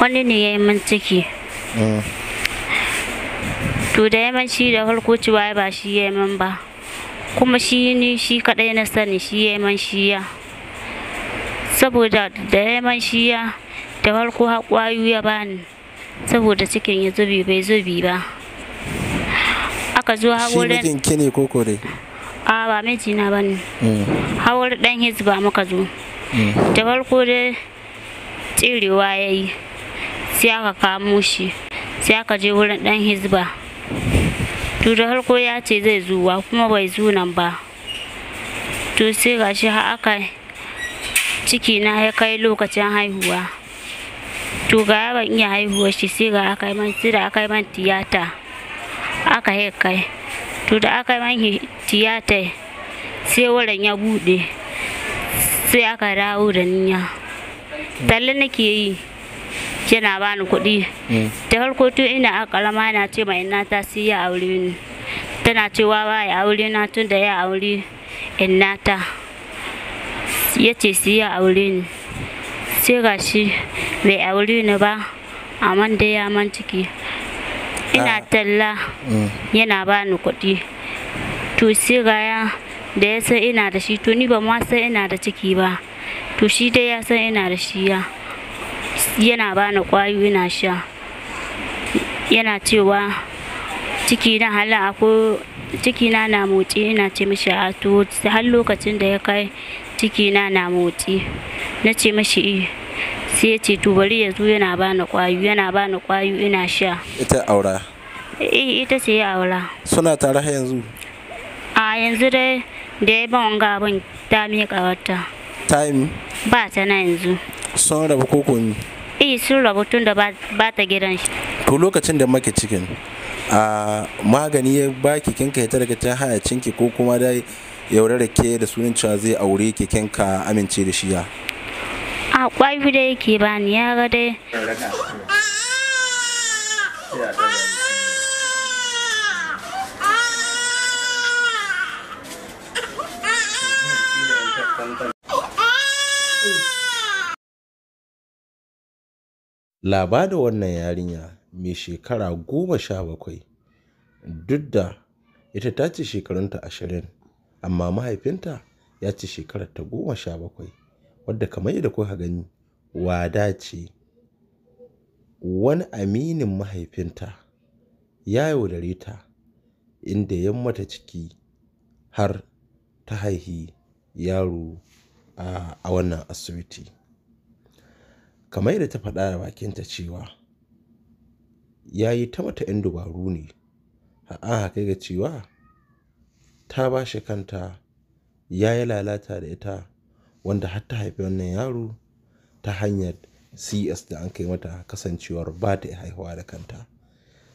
wani ne ya yi min ciki mm. to da ya min shi da farko cewa ba shi ya yi min ba kuma shi ni shi kadai na sani shi ya yi min shi ya saboda da ya yi min shi ya da farko haƙwayo ya bani saboda cikin ya zubi bai zubi ba aka zo hawurin shi mijin ne koko dai a ba na ba ne mm. hawar dan hizba muka zo mm. da farko dai tsirewa ya yi sai aka kamo shi sai aka je wurin ɗan hizba to da harko ya ce zai zuwa kuma bai zu nan ba to sai gashi har aka ciki na ya kai lokacin haihuwa to ga ban iya haihuwar shi sai ga aka man sai da aka man tiyata aka yi kai to da aka man tiyata sai wurin ya bude sai aka dawo da niya talle nake yi yana bani kuɗi mm. da farko tun ina a ƙarama yana ce ma ina ta siya ya aure ni tana cewa ba ya aure na tun da ya aure ina ta ya ce siya ya aure ni sai gashi bai aure ni ba man da ya man ciki ina ah. talla mm. yana bani kuɗi to sai ga ya da ya san ina da shi to ni ba ma san ina da ciki ba to shi dai ya san ina da shi ya yana bani kwayo ina sha yana cewa ciki na hala akwai ciki na na motsi ina ce mishi a to har lokacin da ya kai ciki na na motsi na ce mishi eh. sai ya ce to bari ya zo yana bani kwayo yana bani kwayo ina sha ita aura eh ita ce ya aura suna tare har yanzu a yanzu dai da ya ban wanga abin ta miƙa wata time ba ta na yanzu sun rabu ko ne. eh sun rabu tun da ba ta gidan shi to lokacin da make cikin a magani ya baki kikinka ya ta daga ta hayacinki ko kuma dai yaure da ke da sunan cewa zai aure ka amince da shi ya a kwai da yake bani ya ga dai Laba da wannan yarinya mai shekara goma sha bakwai, duk da ita ta ce shekarunta ashirin, amma mahaifinta ya ce ta goma sha bakwai, wadda kamar yadda kuka gani wada ce. Wani aminin mahaifinta ya yaudare ta inda ya mata ciki har ta haihi yaro a wannan asibiti. kamar yadda ta faɗa da bakinta cewa ya yi ta mata 'yan dubaru ne an haka ga cewa ta ba shi kanta ya yi lalata da ita wanda har ta haifi wannan yaro ta hanyar cs da an kai mata kasancewar ba ta haihuwa da kanta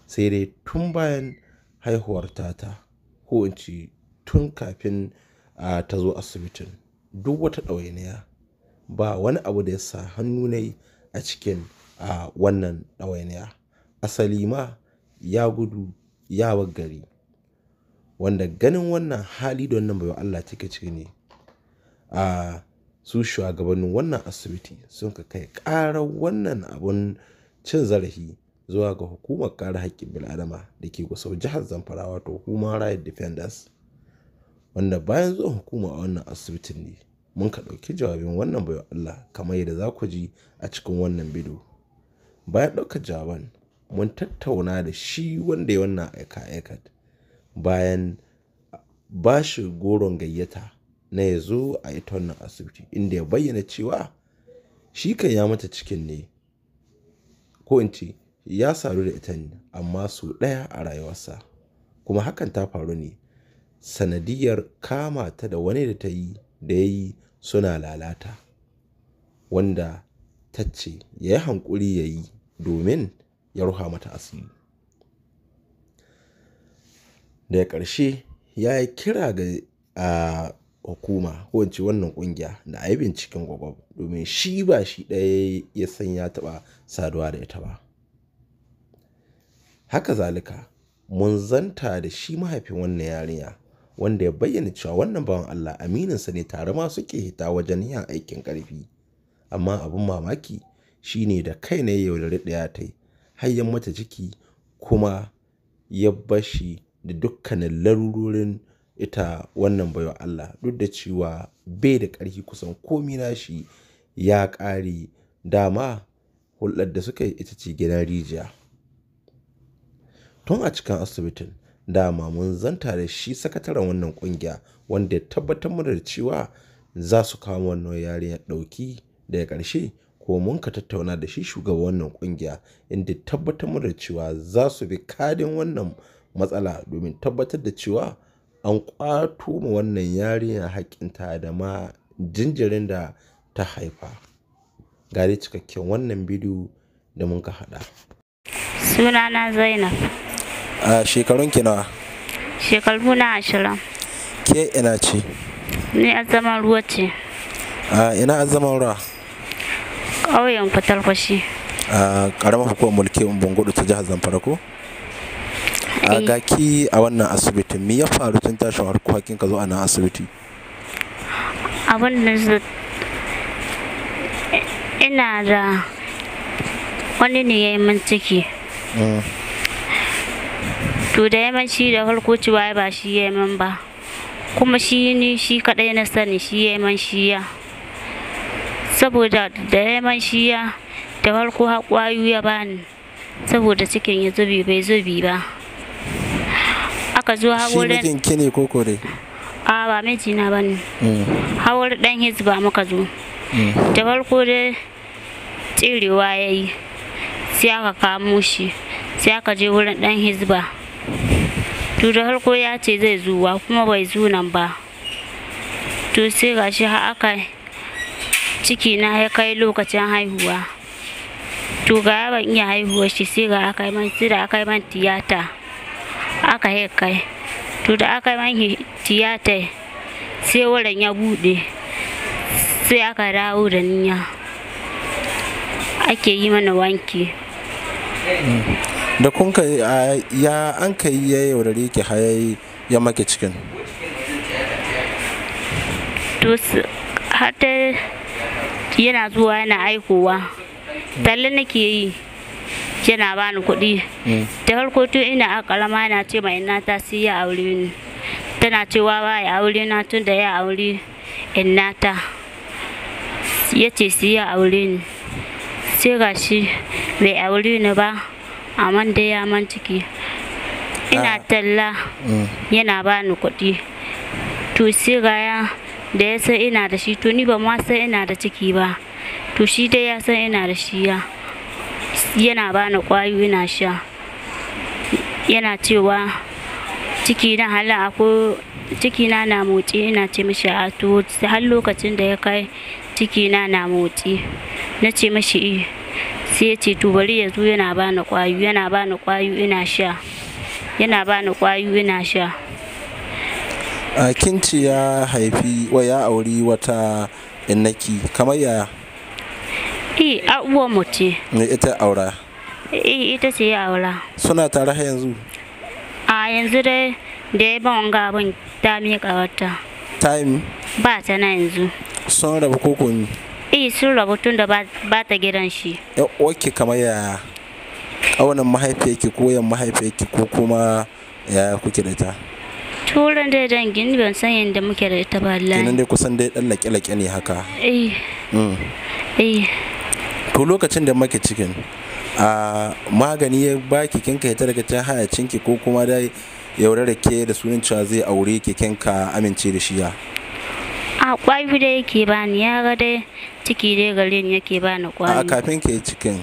sai dai tun bayan haihuwar tata ko in ce tun kafin ta zo asibitin duk wata ɗawainiya ba wani abu da ya sa hannu ne a cikin a wannan ɗawainiya. Asali ma ya gudu ya gari. Wanda ganin wannan hali da wannan baiwar Allah take ciki ne, a su shugabannin wannan asibiti sun ka kai ƙarar wannan abun cin zarafi zuwa ga hukumar kara haƙƙin bil'adama da ke Gusau jihar Zamfara wato Human Rights Defenders. Wanda bayan zuwa hukuma a wannan asibitin ne mun ka ɗauki jawabin wannan bayan Allah kamar yadda za ku ji a cikin wannan bidiyo. Bayan ɗaukar jawaban mun tattauna da shi wanda ya wannan aika-aikat bayan ba shi goron gayyata na ya zo a ita wannan asibiti inda ya bayyana cewa shi kan ya mata cikin ne ko in ce ya saru da ita ne amma su ɗaya a rayuwarsa kuma hakan ta faru ne sanadiyar kama ta da wani da ta yi da ya yi suna lalata wanda ta ce ya yi hankuri ya yi domin ya ruha mata asiri daga ƙarshe ya yi kira ga a hukuma ko wannan ƙungiya na a yi binciken gwagwab domin shi ba shi ɗaya ya san ya taɓa saduwa da ita ba haka zalika mun zanta da shi mahaifin wannan yarinya wanda ya bayyana cewa wannan bawan Allah amininsa ne tare ma suke hita wajen yin aikin ƙarfi amma abin mamaki shine da kai ne ya yaudari ɗaya ta yi hayyan mata ciki kuma ya bashi da dukkanin larurorin ita wannan baiwa Allah duk da cewa bai da ƙarfi kusan komi shi ya ƙare dama hulɗar da suka yi ita ce gidan rijiya tun a cikin asibitin dama mun zanta da shi sakataren wannan kungiya wanda ya tabbatar mana da cewa za su kawo wannan dauki ɗauki daga karshe ko mun ka tattauna da shi shugaban wannan kungiya inda tabbatar mana da cewa za su bi kadin wannan matsala domin tabbatar da cewa an ƙwato ma wannan yarinya haƙƙinta da ma jinjirin da ta haifa gari cikakken wannan bidiyo da mun ka haɗa sunana zainab a shekarun ki nawa shekaru na ashirin ke ina ce ni azaman ruwa ce a ina azaman ruwa ƙauyen kwatalkwashi a ƙaramar hukumar mulki bungudu ta jihar zamfara ko a eh. gaki a wannan asibiti, me ya faru tun tashin harkokin ka zo a nan asibiti abin da ina da wani ne ya yi min ciki mm. to da shi da farko cewa ba shi yaman ba kuma shi ni shi kadai na sani shi yaman shiya saboda da yaman shiya da farko haƙwayu ya bani saboda cikin ya zubi bai zubi ba aka zo hawurin shi mijin ne ko kore a ba jina ba ne hawar dan ba muka zo mm. da farko dai tsirewa ya yi sai aka kamo shi sai aka je wurin dan hizba to da harko ya ce zai zuwa kuma bai zu nan ba to sai gashi har aka ciki na ya kai lokacin haihuwa to ga ban iya haihuwar shi sai ga aka man sai da aka man tiyata aka yi kai to da aka man tiyata sai wurin ya bude sai aka dawo da niya ake yi mana wanki mm. da kun ka ya an ka yi ya yaurare ki hayayi ya maki cikin hata yana zuwa yana aikowa talle nake yi yana bani kuɗi mm. da farko tun ina a ƙarama yana ce mai ina ta sai ya aure ni tana cewa ba ya aure na tun da ya aure ina ta ya ce sai ya aure ni sai gashi bai aure ni ba Aman dai ya man ciki ina ah. talla mm. yana bani kuɗi to sai gaya da ya san ina da shi to ni ba ma san ina da ciki ba to shi dai ya san ina da shi ya yana bani kwayo ina sha yana cewa ciki na hala akwai ciki na na motsi ina ce mishi a to har lokacin da ya kai ciki na na motsi na ce mishi eh sai ya ce to bari ya zo yana bani ƙwayu yana bani ƙwayu ina sha yana bani ƙwayu ina sha a kinci ya haifi wa ya auri wata innaki kamar ya eh a uwar mu ce ne ita aura eh ita ce ya aura suna tare har yanzu a yanzu dai da ya ban ga abin ta miƙa wata time ba ta na yanzu sun rabu ko komi eh sun rabu tun da ba ta gidan shi ya oke kamar ya ƙaunar mahaifiyarki ko yan mahaifiyarki ko kuma ya kuke da ta turan dai dangin ban san yadda muke da ita ba Allah kenan dai kusan dai dan laƙe-laƙe ne haka eh mm. eh to lokacin da muke cikin a magani ya baki kinka ya daga ta cinki ko kuma dai yaure da ke da sunan cewa zai aure ki kinka amince da shi ya a kwai da yake bani ya ga dai ciki dai gare ni yake bani kwari a kafin ki cikin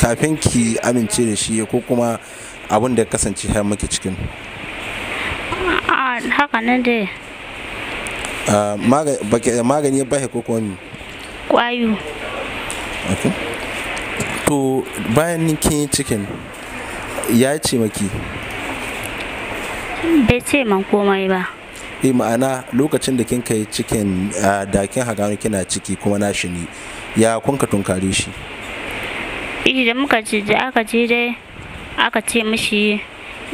kafin ki amince da shi ko kuma abin da kasance har miki cikin a haka nan dai magani ya bahe ko kuma kwayo to bayan kin yi cikin ya ce maki bai ce man komai ba eh ma'ana lokacin da kin kai cikin da kin hagano kina ciki kuma na shi ne ya kun ka tunkare shi eh da muka ce da aka ce dai aka ce mishi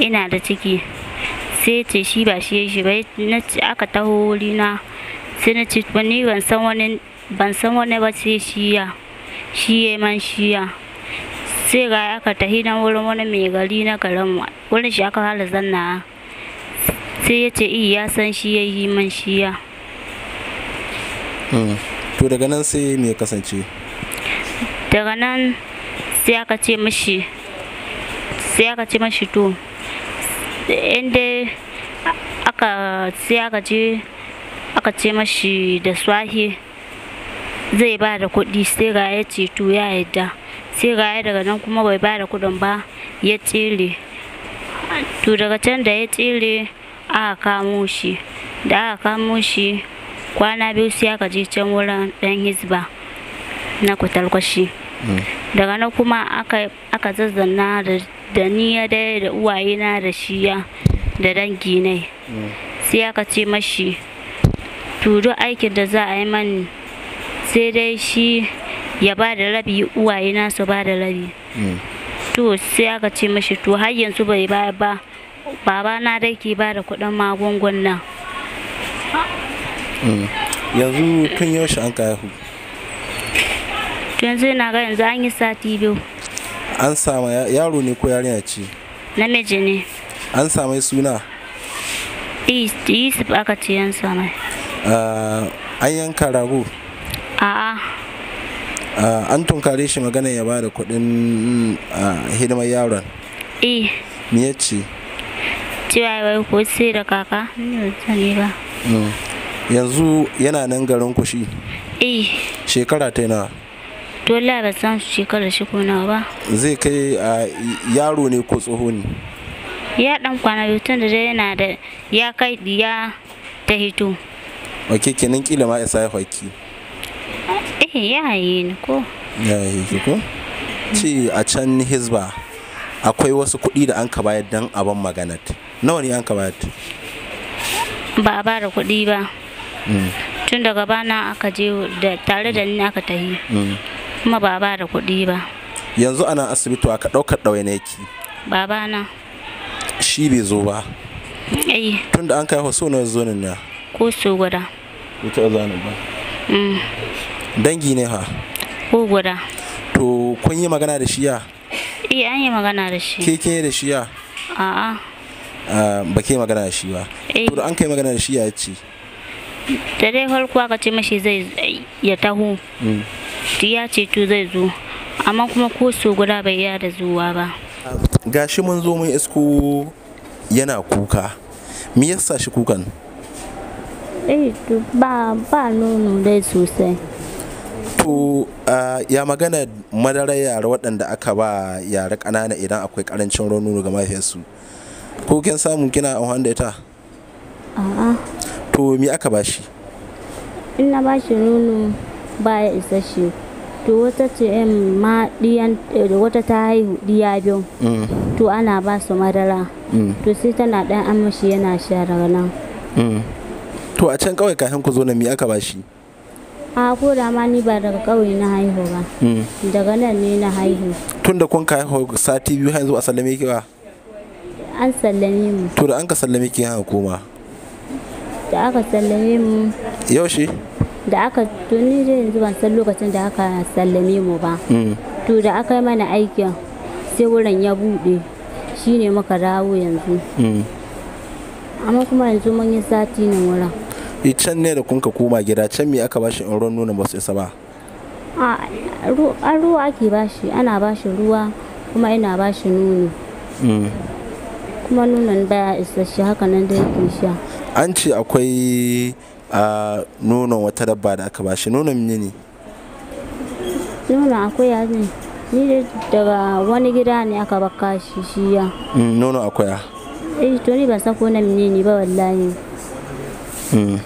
ina da ciki sai ce shi ba shi ya shi ba aka taho na sai na ce ni ban san wani ban san wani ba sai shi ya shi ya man shi ya sai ga aka tahi na wurin wani mai gari na karamu wurin shi aka hala zanna sai ya ce iya ya san shi ya yi man shiya hmm. to daga nan sai me ya kasance daga nan sai aka ce mashi sai aka ce mashi to inda aka sai aka ce aka ce mashi da swahi zai ba da kuɗi sai ga ya ce to ya yadda sai ga ya daga nan kuma bai ba da kuɗin ba ya tsere to daga can da ya tsere aka kamo shi da aka kamo shi kwana biyu sai aka je can wurin dan hisba na kutalkwashi mm. daga nan kuma aka zazzanna da ni ya daya da uwayena da shiya da dangi ne mm. sai aka ce mashi turo aikin da za a yi mani sai dai shi ya ba da rabi uwayena su ba da rabi mm. to sai aka ce mashi to har yanzu bai baya ba baba na dai ke ba da kuɗin magungunan mm. yanzu tun yaushe an ka haihu yanzu na ga yanzu an yi sati biyu an sama yaro ne ko yarinya ce namiji ne an samai suna yusuf aka ce yan samai ah, an yanka rago a'a ah, an tunkare shi magana ya ba da kuɗin ah, hidimar yaron eh me ya ce cewa wai ko sai da kaka ba mm. yanzu yana nan garin ku shi eh shekara ta yana dole ba san shekara shi ko nawa ba zai kai yaro ne ko tsoho ne ya dan kwana yutun da dai yana da ya kai ya ta hito ok kenan kila ma isa ya haki eh ya yi ni ko ya yi ki ko ci a can hizba akwai wasu kuɗi da an ka bayar don abin maganat nawa ne an ka bayar ba a bada kuɗi ba mm. tun daga bana aka je da tare da ni aka tafi. Mm. kuma ba a bada kuɗi ba yanzu ana asibiti aka ɗaukar ɗawai na yake babana shi bai zo ba tun da an kai hoso na zo nan na ko so guda wuta zanen ba mm. dangi ne ha ko guda to kun yi magana da shiya iya eh, an yi magana da shi Keke ke da shiya a'a Ah, ba ke magana da shi ba eh. to da an kai magana da shi ya ce da dai farko aka ce mashi zai ya taho mm. ya ce to zai zo amma kuma ko so guda bai ya da zuwa ba gashi mun zo mun isko yana kuka me yasa shi kukan eh ba ba nono dai sosai to ah, ya magana madarar yara waɗanda aka ba yara ƙanana idan akwai ƙarancin nono ga mahaifiyarsu ko kin samu kina amfani da ita a'a to me aka bashi in na bashi nono ba ya isa shi to wata ce yan ma diyan eh, wata ta haihu diya biyu mm. to ana ba su madara mm. to sai tana dan amashi yana sha nan mm. to a can kawai kafin ku zo na me aka bashi a ko da ma ni ba daga kawai na haihu ba daga nan ne na haihu tun da kun ka haihu sati biyu har zuwa a sallame ki ba an sallame mu to da an ka sallame ki haka koma da aka sallame mu yaushe da aka tuni da yanzu ban san lokacin da aka sallame mu ba mm. to da aka yi mana aikin sai wurin ya buɗe shine muka dawo yanzu mm. amma kuma yanzu mun yi sati ne wurin i eh, can ne da kunka koma gida can me aka bashi in ruwan nuna ba su isa ba a ruwa ake bashi ana bashi ruwa kuma ina bashi nuni kuma nonon baya isasshe haka nan da yake sha an ce akwai a nonon wata dabba da aka bashi nonon mene ne nonon akwai ne ni daga wani gida ne aka baka shi shi ya? Mm, nonon akwai eh to ni ban san ko na mene ne ba wallahi mm.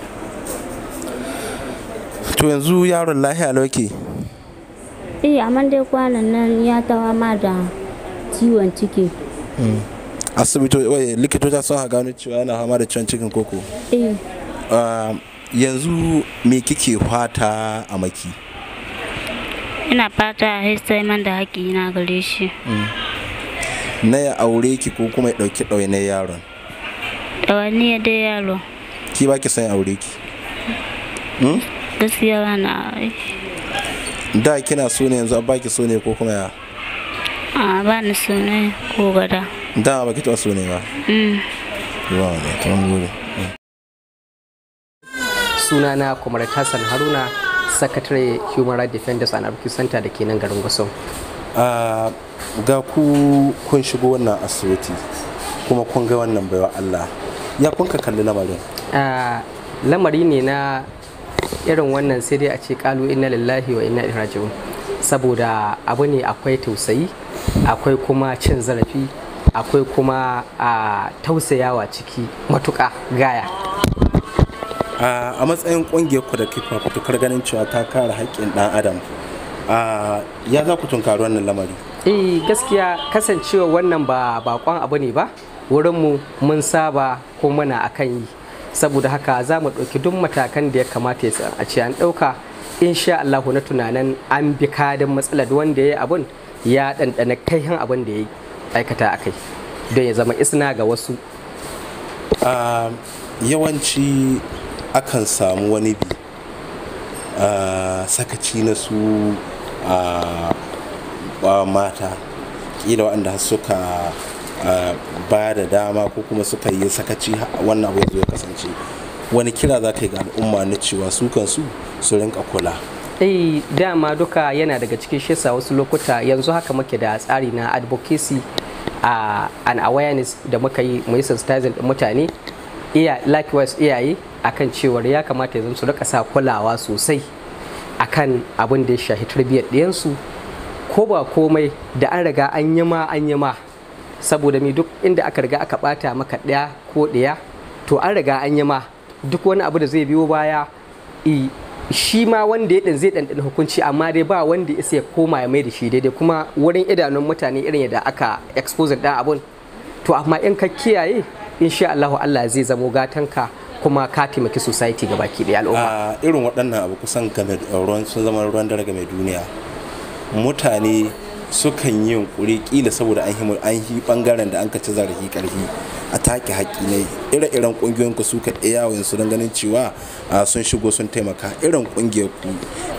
to yanzu yaron lahiya lauke eh amma dai kwanan nan ya tawa ma da ciwon ciki mm. asibito asibitoci likitota sun gano cewa yana fama da ciwon cikin koko eh. ah, yanzu me kike fata a maki ina fata a man da haƙi na gare shi mm. na ya aure ki ko kuma ya ɗauki na yaron ya dai yaro ki ba ki san aure ki hmm? gaskiya ba na da kina so ne yanzu ba ki so ne ko kuma ya a ba ni so ne ko gada da ba ki so ne ba yawa mm. ne to mun Suna na kumar hassan haruna sakatare human rights defenders and advocacy center da ke nan garin gusau ah, ga ku kun shigo wannan asibiti kuma kun ga wannan baiwa allah ya kun ka kalli lamarin ah, lamari ne na irin wannan sai dai a ce kalu inna lillahi wa inna ilaihi raji'un saboda abu ne akwai tausayi akwai kuma cin zarafi akwai kuma a tausayawa ciki matuƙa gaya a matsayin ƙungiyar ku da kifa fitukar ganin cewa ta kare haƙƙin ɗan adam ya za ku tunkari wannan lamari eh gaskiya kasancewa wannan ba bakon abu ne ba wurinmu mun saba ko muna akan yi saboda haka za mu ɗauki duk matakan da ya kamata ya a ce an ɗauka insha Allah, na tunanin an bi kadin matsalar wanda ya yi abun ya ɗanɗana kaihin abun da ya yi aikata a kai don ya zama isna ga wasu yawanci akan samu wani bi sakaci na su mata ƙila waɗanda suka ba da dama ko kuma suka yi sakaci wannan abu ya kasance wani kira za ka yi ga al'umma na cewa su kansu su rinka kula eh dama duka yana daga cikin shesa wasu lokuta yanzu haka muke da tsari na advocacy a an awareness da muka yi mu yi sensitizing mutane iya likewise iyaye akan cewar ya kamata yanzu su rika sa kulawa sosai akan abin da ya shahi tarbiyyar ɗiyansu ko ba komai da an riga an yi ma an yi ma saboda mi duk inda aka riga aka bata maka ɗaya ko ɗaya to an riga an yi ma duk wani abu da zai biyo baya shi ma wanda ya ɗin zai ɗanɗana hukunci amma dai ba wanda ya sai koma ya mai da shi daidai kuma wurin idanun mutane irin yadda aka expose da abun to amma in ka kiyaye insha Allah Allah zai zamo ka kuma ka taimaki society ga baki ɗaya al'umma irin waɗannan abu kusan game ruwan sun zama ruwan dare game duniya mutane sukan yi yunkuri kila saboda an himar an hi bangaren da an ka ci zarafi karfi a take haƙƙi ne ire-iren ƙungiyoyin ku suka ɗaya yawon su don ganin cewa sun shigo sun taimaka irin ƙungiyar ku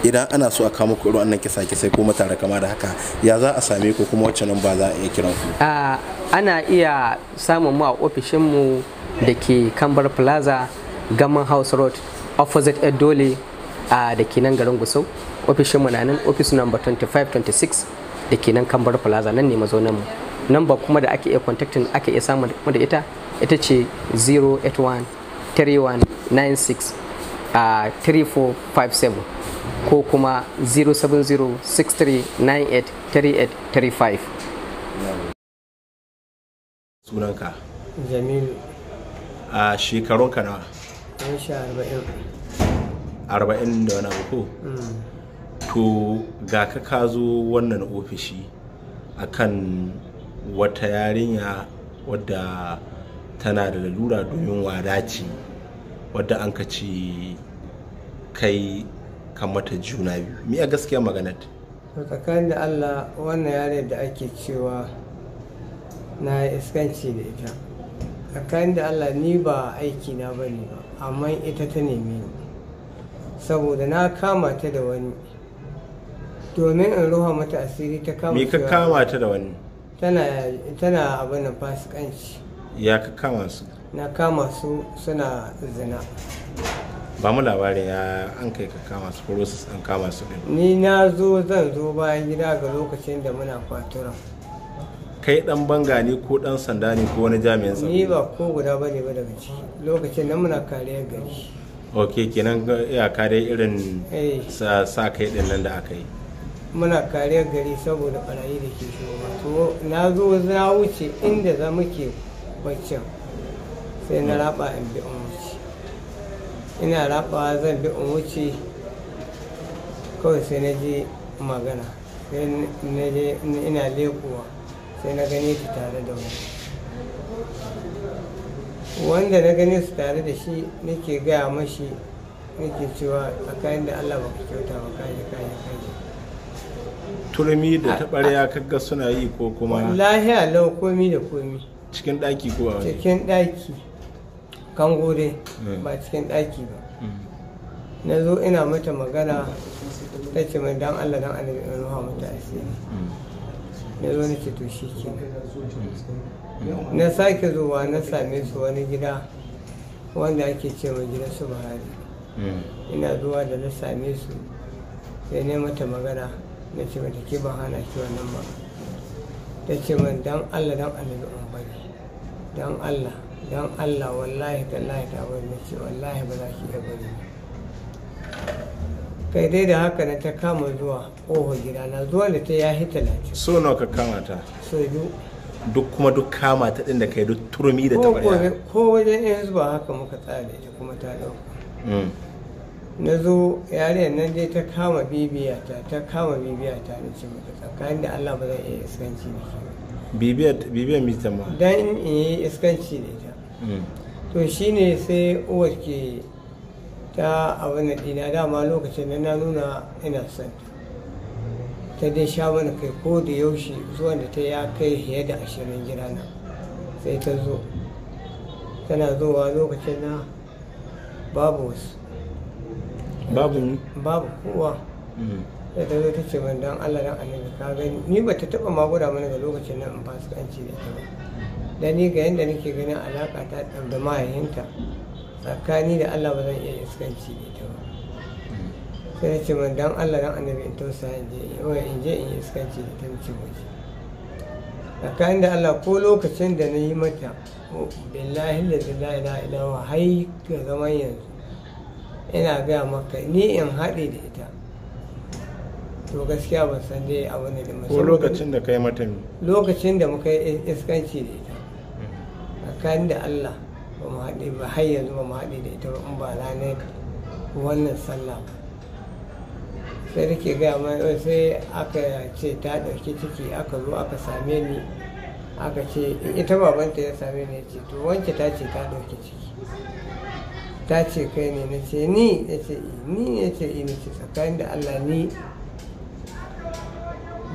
idan ana so a kama ku irin wannan kisa kisai ko matara kama da haka ya za a same ku kuma wacce nan ba za a iya kiran ku ana iya samun mu a ofishin mu da ke Kambar Plaza Gaman House Road opposite Edole da ke nan garin Gusau ofishin mu na nan office number 2526 da ke nan kambar plaza nan ne nan mu number kuma da ake iya contacting ake iya samun kuma da ita ita ce 081 3457 uh, ko kuma 070 sunanka jamilu a shekarunka na 40 da wani abu ko? Mm. to ga ka ka zo wannan ofishi kan wata yarinya wadda tana da lalura domin wada ce wadda an ka ce kai kamata juna biyu mi a gaskiya maganar tsakanin da allah wannan yare da ake cewa na iskanci da ita tsakanin da allah ni ba aiki na bane ba amma ita ta neme ni saboda na kama ta da wani domin in ruha mata asiri ta kama me ka kama ta da wani tana abin da fasikanci ya ka kama su na kama su suna zina ba mu labarin ya an kai ka kama su process an kama su din ni na zo zan zo bayan gida ga lokacin da muna kwatura kai dan banga ne ko dan sanda ne ko wani jami'in tsaro ni ba ko guda bane ba daga ciki lokacin nan muna kariya gari ok kenan ya kare irin eh. sa kai din nan da aka yi muna kariya gari saboda barayi da ke shigowa to na zo za wuce inda za muke wacce sai na raba in bi in wuce ina rabawa zan bi in wuce kawai sai na je magana sai na je ina lekuwa sai na gane ta tare da wani wanda na gane su tare da shi nake gaya mashi nake cewa a kayan da allah ba ka kyauta ba kayan kayan kayan turmi da taɓarya kaga suna yi ko kuma wallahi alau komi da komi cikin ɗaki ko waje. cikin ɗaki kan gode hmm. ba cikin ɗaki ba hmm. na zo ina mata magana ta ce mai dan Allah dan Allah in ruha mata asiri hmm. na zo na ce to shi ke na sake zuwa na same su wani gida wanda ake ce mai gidan su bahari ina zuwa da na same su sai ne mata magana na ce mata ke ba hana ki wannan ba ta ce man dan allah dan allah da bari dan allah dan allah wallahi tallahi ta bari na ce wallahi ba za ki iya bari kai dai da haka na ta kama zuwa ƙofar gida na zuwa da ta yahi talatin so nawa ka kama ta so biyu duk kuma duk kama ta ɗin da kai duk turmi da ta ko wajen yanzu ba haka muka tsare ita kuma ta ɗauka mm. na zo yariyar nan dai ta kama bibiyata ta kama bibiyata na ce mata tsakanin da allah ba zan iya iskanci da ke bibiyar mita ma dan in yi iskanci da ita mm. to shine sai uwar ke ta abin dina dama lokacin da na nuna ina son ta dai sha mana kai ko da yaushe zuwan da ta ya kai fiye da ashirin gidana sai ta zo tana zuwa lokacin na babu wasu babu ni babu kowa da mm. ta ta ce min don Allah don annabi ka gani ni ba ta taba magura mana da lokacin nan su fasikanci da ta ba da ni ga yanda nake ganin alaka ta da mahayinta tsakani da Allah ba zan iya iskanci da ita ba sai ta ce min don Allah don annabi in tausa in je in je in iskanci da ita mace waje Tsakani da Allah ko lokacin da na yi mata oh, billahi da la ilaha illa wa ga zaman yanzu ina gaya maka ni in haɗe da ita to gaskiya ban san dai abu ne da ko lokacin da kai mata lokacin da muka yi iskanci da ita A kan da Allah ba mu haɗe ba har yanzu ba mu haɗe da ita ba in ba ranar wannan sallah sai da ke gaya mai sai aka ce ta ɗauki ciki aka zo aka same ni aka ce eh, ita babanta ya same ni ya ce to wanke ta ce ta ɗauki ciki ta ce kai ne na ce ni ya ce ni ya ce ni ce tsakanin da allah ni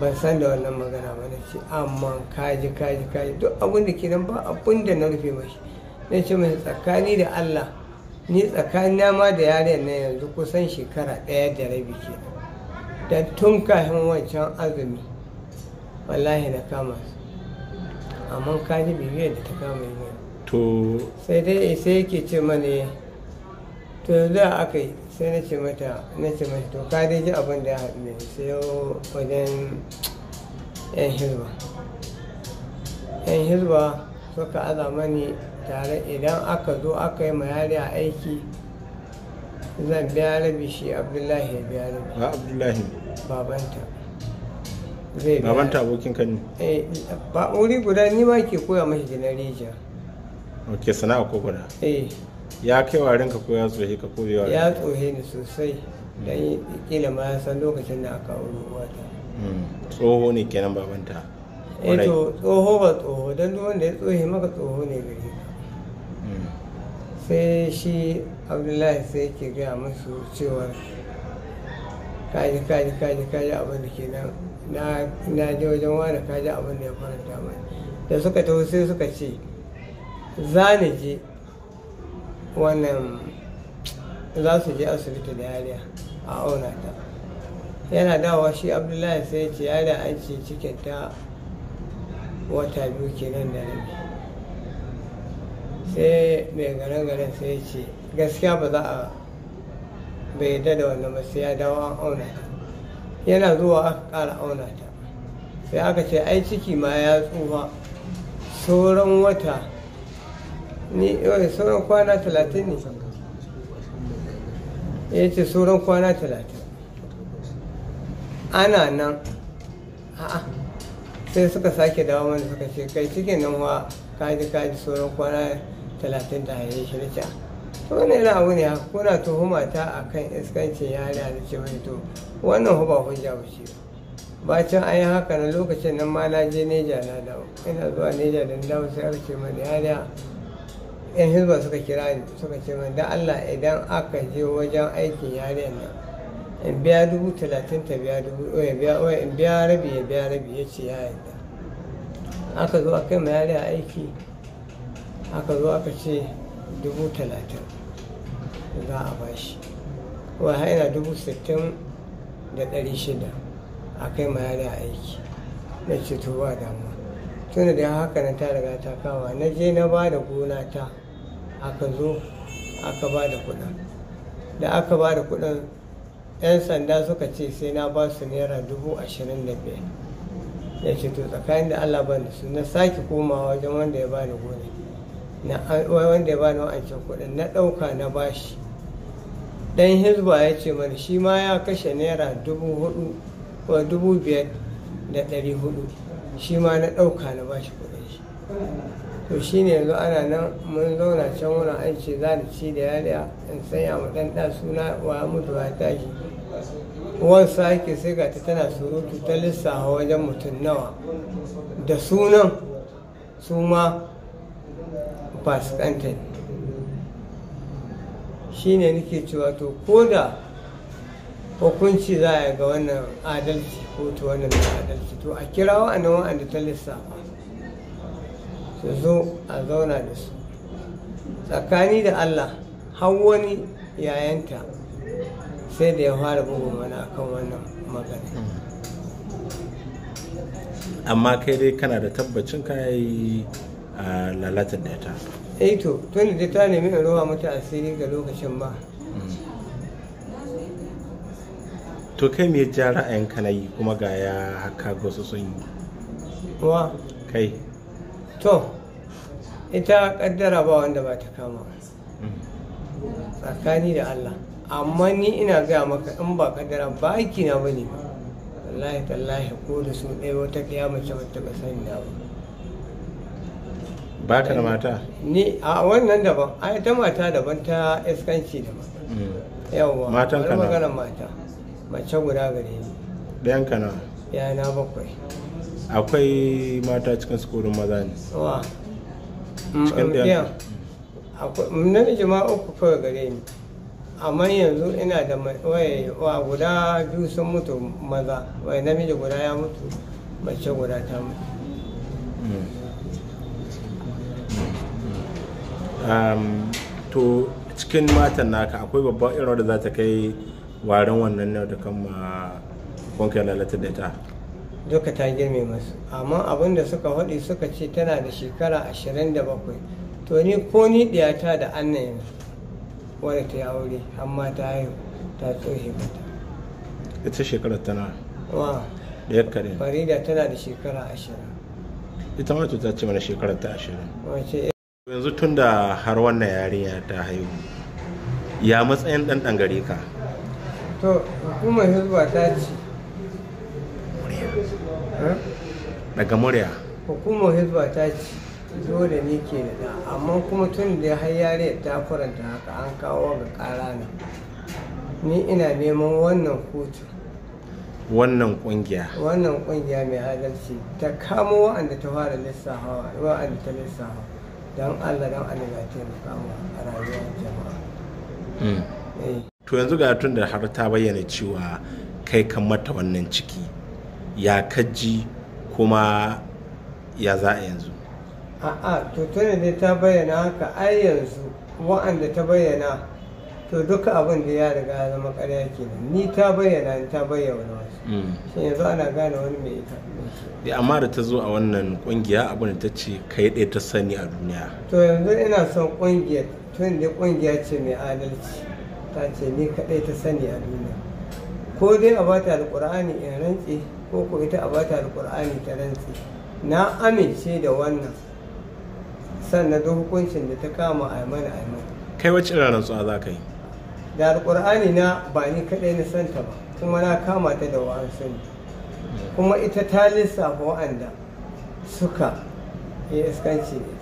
ban san da wannan magana ba na ce amma kaji kaji kaji duk abin da nan ba abin da na rufe mashi na ce mai tsakani da allah ni tsakanin ma da yaren na yanzu kusan shekara ɗaya da rabi ke. Da tun kafin wancan azumi wallahi na kama su amma kaji bibiyar da ta kama yi to sai dai sai yake ce mana to yanzu aka yi sai na ce mata na ce mata to ka dai ji abin da ya haɗu ne sai wajen yan hizba yan hizba suka aza mani tare idan aka zo aka yi mayari a aiki zan biya rabi shi abdullahi ya biya rabi ba abdullahi babanta zai babanta abokin ka ne eh ba wuri guda ni ma ke koya mashi gina rijiya ok sana'a ko guda eh ya kai warin ka ko ya tsohe ka ko yawa ya tsohe ni sosai dan kila ma san lokacin da aka aure uwata hmm. tsoho ne kenan babanta eh to tsoho ba tsoho dan duk wanda ya tsohe maka tsoho ne gare ka hmm. sai shi abdullahi sai ke gaya musu cewa kaji kaji kaji kaji abin da ke nan na je wajen wani kaji abin da ya faranta mai da suka taho sai suka ce za ni je wannan za su je asibiti da yariya a auna ta yana dawa shi abdullahi sai ce yariya an ce cikin ta wata biyu kenan da rabi sai mai garin-garin sai ce gaskiya ba za a bai yadda da wannan ba sai ya dawo an auna ta yana zuwa aka ƙara auna ta sai aka ce ai ciki ma ya tsufa sauran wata ni yawai sauran kwana talatin ne ya ce sauran kwana talatin ana nan a'a sai suka sake dawo mana suka ce kai cikin nan wa kaji kaji sauran kwana talatin da haye shi rica to wani yana abu ne kuna tuhuma ta a kan iskancin yari da ce wani to wannan hu ba hujja ba ce bacin an yi haka na lokacin nan ma na je neja na dawo ina zuwa neja da dawo sai aka ce mana yariya yan hizba suka kira ni suka ce mai da Allah idan aka je wajen aikin yare nan in biya dubu talatin ta biya dubu eh, ya eh, in biya rabi ya biya rabi ya ce ya yarda aka zo aka yi yare a aiki aka zo aka ce dubu talatin za a bashi wa haina dubu sittin da ɗari shida a kai yare a aiki na ce to ba damuwa tun da haka na ta riga ta kama na je na ba da gona ta aka zo aka ba da kuɗin da aka ba da kuɗin 'yan sanda suka ce sai na ba su naira dubu ashirin da biyar ya ce to tsakanin da allah ban da su na sake komawa wajen wanda ya bani gona na wanda ya bani wa'ancan kudin na ɗauka na bashi dan hizba ya ce mana shi ma ya kashe naira dubu hudu ko dubu biyar da ɗari hudu shi ma na ɗauka na bashi kuɗin shi to shi ne yanzu ana nan mun zauna can wurin an ce za da ci da yariya in sanya wa ɗan ɗan suna wa mutu wa tashi uwan sake sai ga ta tana surutu ta a wajen mutum nawa da sunan su ma Shin shi ne nake cewa to ko da hukunci za a ga wannan adalci ko to wannan adalci to a kira wa'annan wa'anda ta ba su zo a zauna da su tsakani da allah har wani yayanta sai da ya fara bugun wani akan wannan magana amma kai dai kana da tabbacin ka a lalatar da ta eh to tun da ta nemi in rowa mata asiri ga lokacin ba to kai me ja ra'ayin ka na yi kuma ga ya haka gosu sun yi kai to ita kaddara ba wanda ba ta kama tsakani da allah amma ni ina gaya maka in ba kaddara ba aiki na bane ba wallahi tallahi ko da su ɗaya wata mace wata ba sani da ba ba ta da mata ni a wannan daban a ta mata daban ta iskanci daban mm. yawwa matan kana mata mace guda gare ni ɗayan kana na bakwai akwai mata cikin sukurin maza ne wa cikin mm, ɗaya namiji ma uku kawai gare ni amma yanzu ina da wa guda biyu sun mutu maza wai namiji guda ya mutu mace guda ta mutu mm. um, to cikin matan naka akwai babban irin da za ta kai warin wannan yau da kan ma kwanke lalata da ita duka ta girme masu amma abin da suka faɗi suka ce tana da shekara 27 to ni ko ni ɗiyata da annan yanzu wadda ta yi aure amma ta haihu ta tsohe mata ita shekarar tana wa ɗayar kare farida tana da shekara 20 ita ma ta ce mana shekarar ta 20 yanzu tun da har wannan yarinya ta haihu ya matsayin ɗan ɗan gare ka to hukumar hizba ta ce daga murya hukumar hizba ta ce zo da ni ke da amma kuma tun da har yare ta faranta haka an kawo ga kara ne ni ina neman wannan kotu wannan kungiya wannan kungiya mai adalci ta kamo wa'anda ta fara lissafa wa'anda ta don allah don allah ya taimaka mu a rayuwar jama'a hmm. eh. to yanzu ga tun da har ta bayyana cewa kai kan mata wannan ciki ya kaji kuma ya za a yanzu a'a to tunda ne ta bayyana haka ai yanzu wa'anda ta bayyana to duka abin da ya riga ya zama karya kenan ni ta bayyana ni ta bayyana wasu mm. shi yanzu ana gane wani mai ita da eh, amma da ta zo a wannan kungiya abin da ta ce kai ɗaya ta sani a duniya to yanzu ina son kungiya tun da kungiya ce mai adalci ta ce ni kaɗai ta sani a duniya ko dai a bata alƙur'ani in rantse ko ku ita a bata alkur'ani ta rantse na amince da wannan sannan da hukuncin da ta kama a mana a mana kai wacce rantsuwa za ka yi da alkur'ani na ba ni kadai na santa ba kuma na kama ta da wa'an sani kuma ita ta lissafa wa'anda suka yi iskanci ne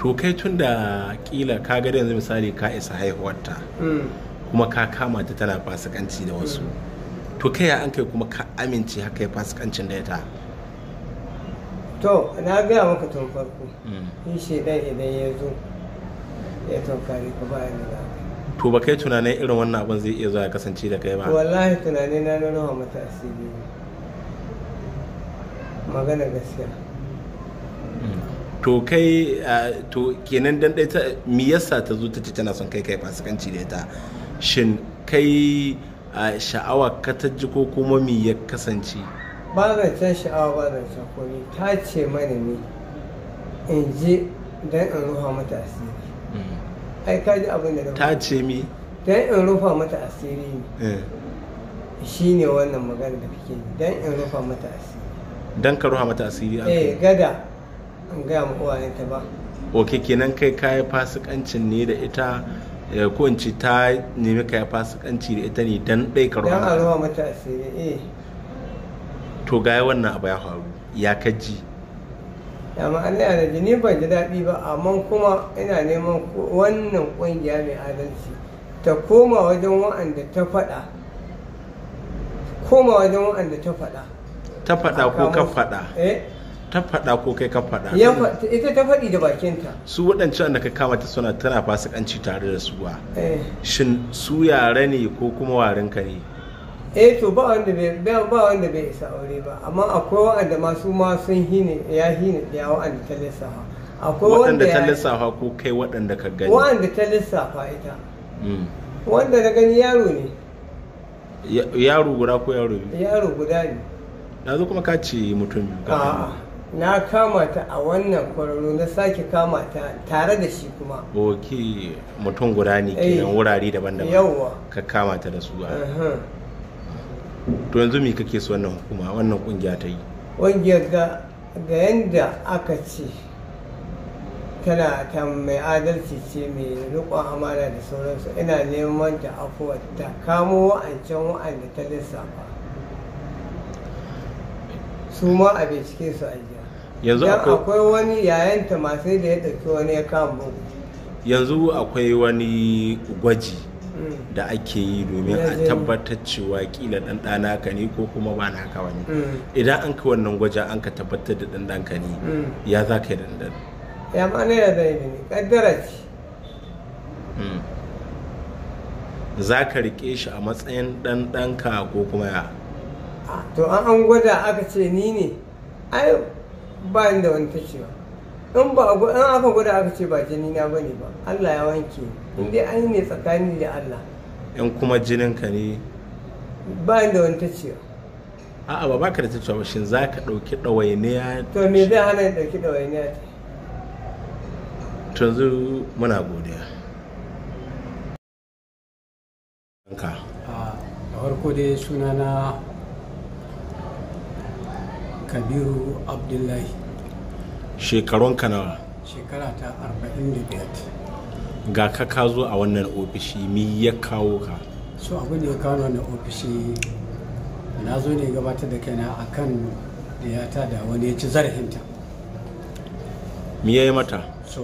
to kai tun da kila ka ga yanzu misali ka isa haihuwarta mm. kuma ka kama ta tana fasikanci da wasu mm. to kai ya an kai kuma ka amince haka ya fasikancin da ya ta to na gaya maka tun farko mm. shi shaidan idan ya zo ya tunkari ka ba ni da to ba kai tunanin irin wannan abin zai iya zuwa ya kasance da kai ba wallahi tunanin na nuna wa mata asiri magana gaskiya mm. to kai to kenan dan dai ta me yasa ta zo ta ce tana son kai kai fasikanci da ita shin kai sha'awa ka ta ji ko kuma me ya kasance ba zancen sha'awa ba zancen komi ta ce mana ne in ji don in rufa mata asiri hmm. ai ka ji abin da ta ce mi don in rufa mata asiri ne eh. shi ne wannan magana da kake don in rufa mata asiri don ka rufa mata asiri a kai eh, gada An gaya ma uwayenta ba ok kenan kai kayi fasikancin ne da ita Eh, kowace ta nemi ka ya fasikanci da ita ne don ɗai karo a ruwa mata asiri eh to ga wannan abu ya faru ya kaji ya ma Allah ya ji ni ban ji daɗi ba amma kuma ina neman wannan ƙungiya mai adalci ta koma wajen wa'anda ta faɗa koma wajen wa'anda ta faɗa ta faɗa ko ka faɗa eh ta faɗa ko kai ka faɗa ita ta faɗi da bakinta su waɗancan da ka kama ta suna tana fasikanci tare da suwa eh. shin su yare ne ko kuma warin ka ne eh to ba wanda bai ba wanda bai isa aure ba amma akwai wanda ma su ma sun hine ya hine ya wanda ta lissafa akwai wanda ta lissafa ko kai waɗanda ka gani wanda ta lissafa ita hmm. wanda na gani yaro ne yaro guda ko yaro biyu yaro guda ne yanzu kuma ka ce mutum biyu na kama ta a wannan kwararo na sake kama ta tare da shi kuma ok mutum guda ne eh, kenan wurare daban-daban yawwa ka kama ta da su a to yanzu me kake su wannan hukuma wannan kungiya ta yi ƙungiyar ga ga yanda aka ce tana ta mai adalci ce mai riƙon amana da sauransu ina neman ta afuwa ta kamo wa'ancan wa'anda ta lissafa su ma a bincike su a yanzu akwai wani yayan ta masu da ya ɗauki wani ya kama yanzu akwai wani gwaji mm. da ake yi domin a tabbatar cewa kila dan dana ka ne ko kuma ba na ka wani mm. idan an ka wannan gwaja an ka tabbatar da dan ɗan ka ne mm. ya za ka yi dan ɗan ya ma ne ya zai ne kaddara ce za ka rike shi a matsayin dan ka ko kuma ya to an gwada aka ce ni ne ai ba inda wani tacewa in ba in aka gwada aka ce ba jini na bane ba Allah ya wanke in dai an ne tsakani da Allah in kuma jinin ka ne ba inda wani tacewa a'a ba baka da tacewa ba shin ka dauki dawainiya to me zai hana dauki dawainiya to yanzu muna godiya ka a farko dai sunana kabiru abdullahi shekarun nawa shekara ta 45 ga ka ka zo a wannan ofishi mi ya kawo ka so abin da ya kawo wannan ofishi na zo ne gabatar da kaina a kan da ya ta da wani ya ci zarafinta mi ya yi mata so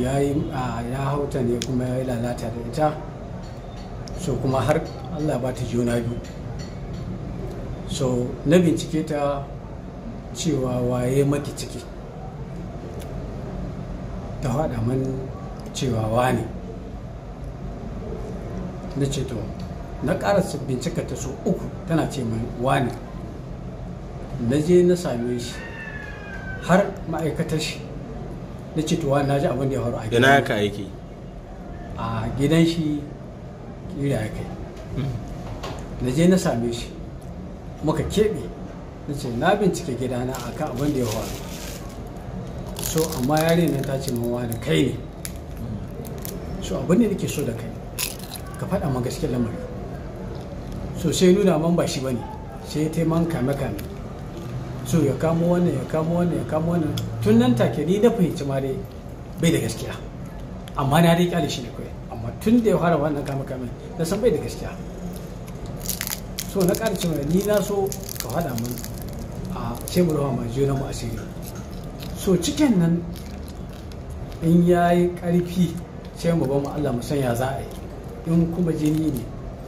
ya yi ya hauta ne kuma ya yi lalata da ita so kuma har allah ba ta juna biyu so na bincike ta cewa waye maki ciki ta faɗa man cewa ne na ce to na ƙara bincika ta so uku tana ce mai ne na je na same shi har ma'aikatar shi na ce wa na ji abin da ya faru a gidan ina ka aiki a gidan shi kira ya kai hmm. na je na same shi muka keɓe na ce na bincike gidana a kan abin da ya faru so amma yare ne ta ce mawa da kai ne so abin da nake so da kai ka faɗa ma gaske lamarin so sai nuna man ba shi bane sai ta man kame kame so ya kamo wannan ya kamo wannan ya kamo wannan tun nan take ni na fahimci ma dai bai da gaskiya amma na dai kyale shi ne kawai amma tun da ya fara wannan kame kame na san bai da gaskiya so na ƙara cewa ni na so ka haɗa mun a cebur hawa mai juna mu asiri so cikin nan in ya yi ƙarfi sai mu ba Allah mu sanya za a yi in kuma jini ne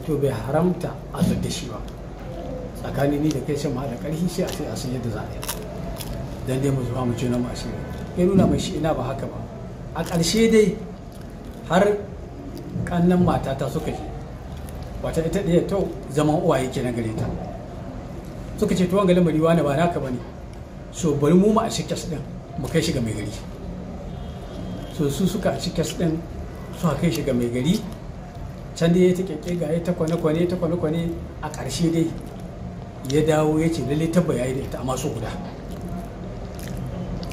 to bai haramta a da shi ba tsakanin ni da kai sai mu haɗa ƙarfi sai a sai a san yadda za a yi dan dai mu zuwa mu juna mu asiri ya nuna mai shi ina ba haka ba a ƙarshe dai har ƙannan matata suka je wata ita ɗaya ta zaman uwaye ke na gare ta suka ce tuwon galin bariwa na ba naka bane so bari mu ma a shi kes din mu kai shi ga mai gari so su suka a shi kes din su kai shi ga mai gari can da ya ta kyakke ga ya ta kwane kwane ta kwane kwane a ƙarshe dai ya dawo ya ce lalle tabba yayi da ita amma so guda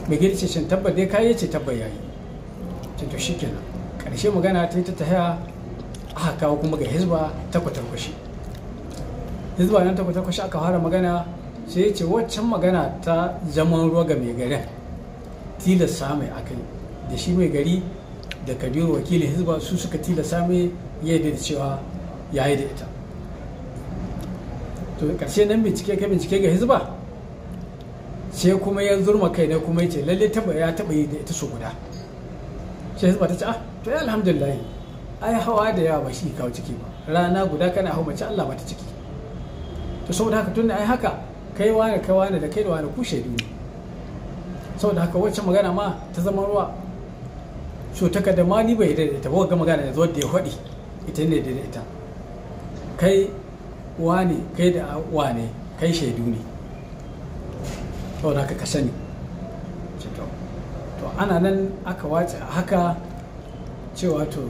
mai gari ce shin tabba dai kai ya ce tabba yayi to shikenan ƙarshe magana ta yi ta haya aka kawo kuma ga hizba ta kwatakwashi hizba nan ta kwatakwashi aka fara magana sai ya ce waccan magana ta zaman ruwa ga mai garin tilasta mai akai da shi mai gari da kabiru wakilin hizba su suka tilasta mai yadda da cewa ya yi da ita to karshe nan bincike ka bincike ga hizba sai kuma ya zurma kai ne kuma ya ce lalle ya taba yi da ita su guda sai hizba ta ce ah to ya alhamdulillah ai hawa da yawa ba shi kawo ciki ba rana guda kana hau mace Allah bata ciki to saboda haka tunda ai haka kai wani kai wani da kai da wani ku shaidu ne saboda haka wacce magana ma ta zama ruwa taka da ma ni bai da ita ba ga magana da zuwa da ya faɗi ita ne da ita kai wani kai da wane kai shaidu ne saboda haka ka sani to ana nan aka wace haka cewa to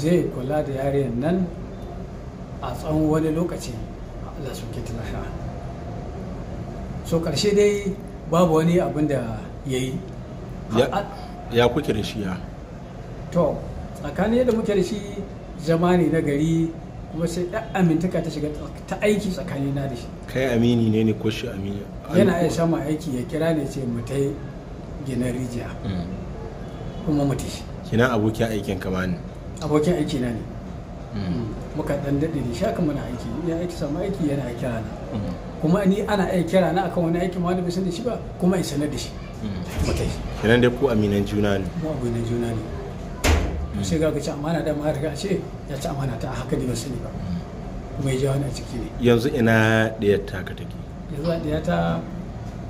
zai kula da yariyan nan a tsawon wani lokaci Allah su ke tunana so karshe dai babu wani abin da ya yi ya kuke da shi ya to tsakanin yadda muke da shi zama ne na gari kuma sai ɗan amintaka ta shiga ta aiki tsakanin na da shi kai amini ne ne ko shi amini yana iya sama aiki ya kira ne ce mu ta gina rijiya mm. kuma mu shi kina abokin aikin kama ne abokin aiki na ne hmm. Hmm. muka dan daɗe da sha kan muna aiki ya aiki samu aiki yana kira na hmm. kuma ni ana aiki kira na akan wani aiki ma bai san da shi ba kuma in sanar da shi mutai kenan dai ku aminan juna ne mu aminan juna ne sai ga ci amana da ma riga ce ya ci amana ta haka ne ba sani ba kuma ya jawo ni a ciki ne yanzu ina da ta ka take yanzu ɗaya ta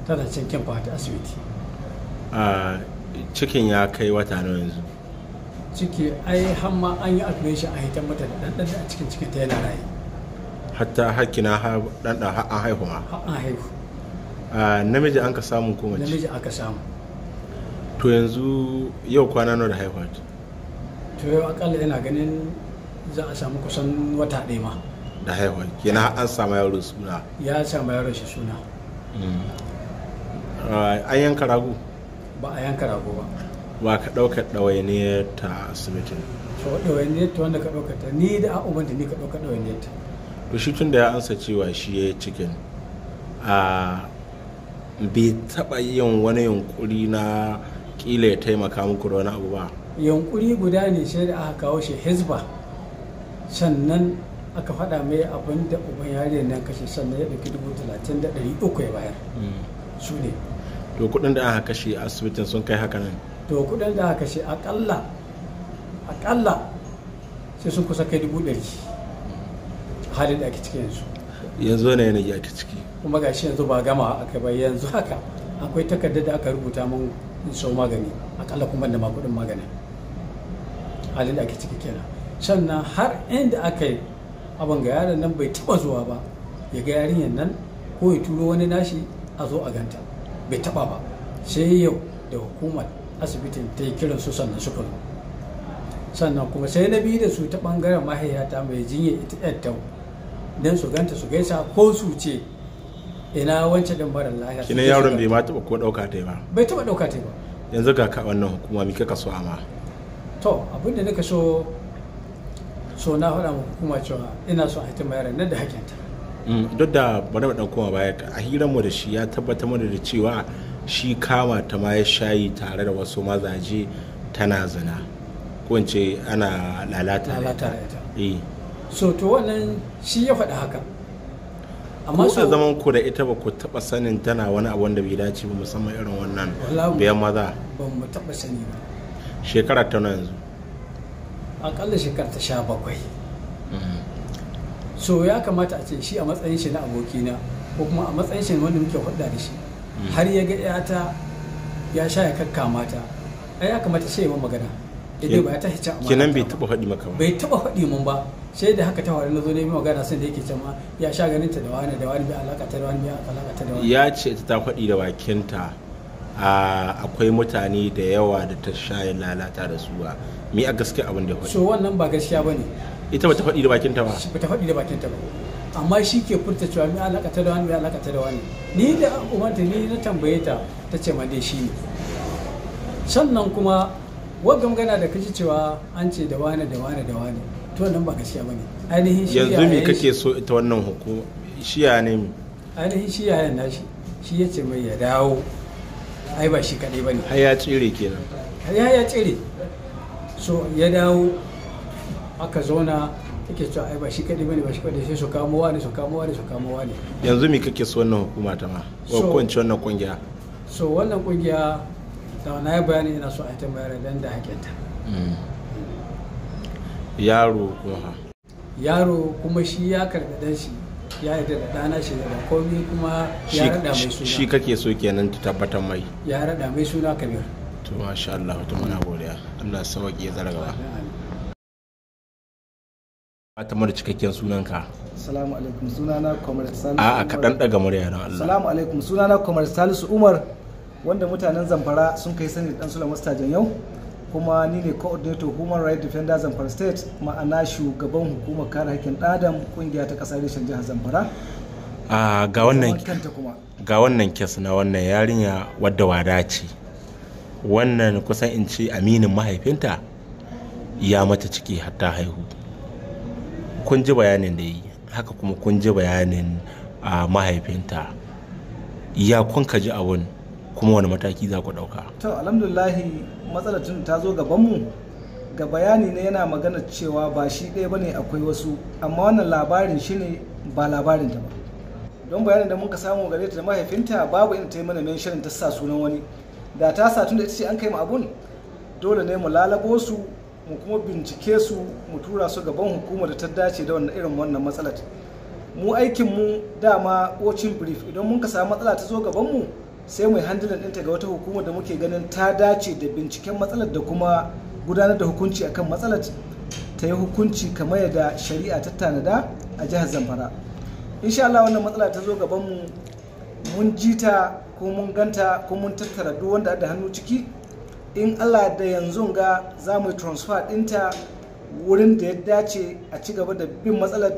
tana can kyan fata asibiti a ah, cikin ya kai wata nawa yanzu ciki ai hamma an yi akwai shi a hitan mata da dan a cikin cikin ta yana raye hatta hakina ha dan dan an haihu ma an haihu namiji an ka samu ko mace namiji aka samu to yanzu yau kwana nawa da haihuwa to yau akalla yana ganin za a samu kusan wata ɗaya ma da haihuwa kina an samu yaro suna ya samu yaro shi suna mm. an yanka rago ba a yanka rago ba wa ka ɗaukar ɗawainiyar ta asibitin to ɗawainiyar ta wanda ka ɗaukar ta ni da da ni ka ɗaukar ɗawainiyar ta to shi tun da ya ansa cewa shi ya yi cikin a bai taɓa yin wani yunkuri na ƙila ya taimaka muku da wani abu ba yunkuri guda ne shi da aka kawo shi hezba sannan aka faɗa mai abin da uban yariyar nan kashe sannan ya ɗauki dubu talatin da ɗari uku ya bayar hmm. su ne to kuɗin da aka kashe asibitin sun kai haka nan to kudin da aka shi akalla akalla sai sun kusa kai dubu ɗari halin da ake ciki yanzu yanzu ne yanayi ake ciki kuma ga shi yanzu ba gama aka bai yanzu haka akwai takardar da aka rubuta mun sau magani akalla kuma da makudin maganin halin da ake ciki kenan sannan har inda aka yi abin ga yaran nan bai taba zuwa ba ya ga yarinyar nan ko ya turo wani nashi a zo a ganta bai taba ba sai yau da hukumar asibitin ta yi kiran su sannan suka zo sannan kuma sai na biyu da su ta bangaren mahaiyata mai jinyar ita yattau don su ganta su gaisa ko su ce ina wancan din barin lahiya kina yaron bai ma taba ko dauka ta ba bai taba dauka ta ba yanzu ga ka wannan hukuma mika kaso so amma to abin da nika so so na faɗa ma hukuma cewa ina so a hitima nan da hakinta mm, duk da bari mu dan koma baya a hiranmu mu da shi ya tabbatar mana da cewa shi kama ta ma ya shayi tare da wasu mazaje tana zina ko ce ana lalata da ita eh. so to wannan shi ya faɗi haka amma so zaman ku da ita ba ku taba sanin tana wani abu wanda bai dace ba musamman irin wannan biyan maza ba mu taba sani ba shekara ta yanzu akalla shekara ta sha bakwai mm-hmm. so ya kamata a ce shi a matsayin shi na abokina ko kuma a matsayin shi wanda muke hudda da shi har ya ga yata ya sha ya kakka ta ai ya kamata sai yawan magana idan ba ta hice amma kenan bai taba faɗi maka bai taba faɗi mun ba sai da haka ta wani nazo ne mai magana sai da yake cewa ya sha ganin ta da wani da wani bai alaka ta da wani bai alaka ta da wani ya ce ta faɗi da bakinta akwai mutane da yawa da ta sha ya lalata da su ba a gaskiya abin da ya faɗi so wannan ba gaskiya bane ita ba ta faɗi da bakinta ba ba ta faɗi da bakinta ba amma shi ke furta cewa mai alaƙa ta da wani mai alaƙa ta da wani ni da umarta ni na tambaye ta ta ce ma dai shi ne sannan kuma wadda magana da kaji cewa an ce da wani da wani da wani to nan ba gaskiya bane ainihin shi yanzu me kake so ita wannan hukku shi ya ne mi ainihin shi ya yana shi shi ya ce mai ya dawo ai ba shi kadai bane har ya tsire kenan har ya tsire so ya dawo aka zauna yake cewa ai ba shi kadai bane ba shi kadai sai su kamo wani su kamo wani su kamo wani yanzu me kake so wannan hukuma ta ma ko in wannan kungiya so wannan kungiya da na yi bayani ina so a ta bayar dan da ta mm. yaro kuma yaro kuma shi ya karɓi dan shi ya yi da dana shi da komi kuma ya rada mai suna shi kake so kenan ta tabbatar mai ya rada mai suna kabir to masha Allah to muna godiya Allah sauki ya zargawa Fata mara cikakken sunanka. Salamu alaikum sunana Kwamar Salisu. A'a ka ɗanɗa daga murya na, Allah. Salamu alaikum sunana Kwamar Salisu Umar wanda mutanen Zamfara sun kai sani dan Sulaiman Stajan yau kuma ni ne coordinator Human Rights Defender Zamfara State ma'ana shugaban hukumar kare haƙƙin ɗan adam kungiya ta ƙasar reshen jihar Zamfara. A ga wannan ga wannan kes na wannan yarinya wadda wada ce. Wannan kusan in ce aminin mahaifinta ya mata ciki hatta haihu. kun ji bayanin da yi haka kuma kun ji bayanin a mahaifinta ya kun ka ji abun kuma wani mataki za ku ɗauka to alhamdulahi matsalar ta zo gabanmu ga bayani ne yana magana cewa ba shi ɗaya bane akwai wasu amma wannan labarin shi ne ba labarin ta ba don bayanin da muka samu gare ta da mahaifinta babu inda ta yi mana shirin ta sa sunan wani da ta sa tun da ita ce an kai mu abun dole ne mu lalabo su mu kuma bincike su mu tura su gaban hukumar da ta dace da wannan irin wannan matsalar mu aikin mu dama watching brief idan mun ka samu matsala ta zo gaban mu sai mu handle ɗinta ga wata hukumar da muke ganin ta dace da binciken matsalar da kuma gudanar da hukunci akan matsalar ta yi hukunci kamar yadda shari'a ta tanada a jihar zamfara insha Allah wannan matsala ta zo gaban mu mun ji ta ko mun ganta ko mun tattara duk wanda da hannu ciki in allah da yanzu ga za mu transfer ɗinta wurin da ya dace a ci gaba da bin matsalar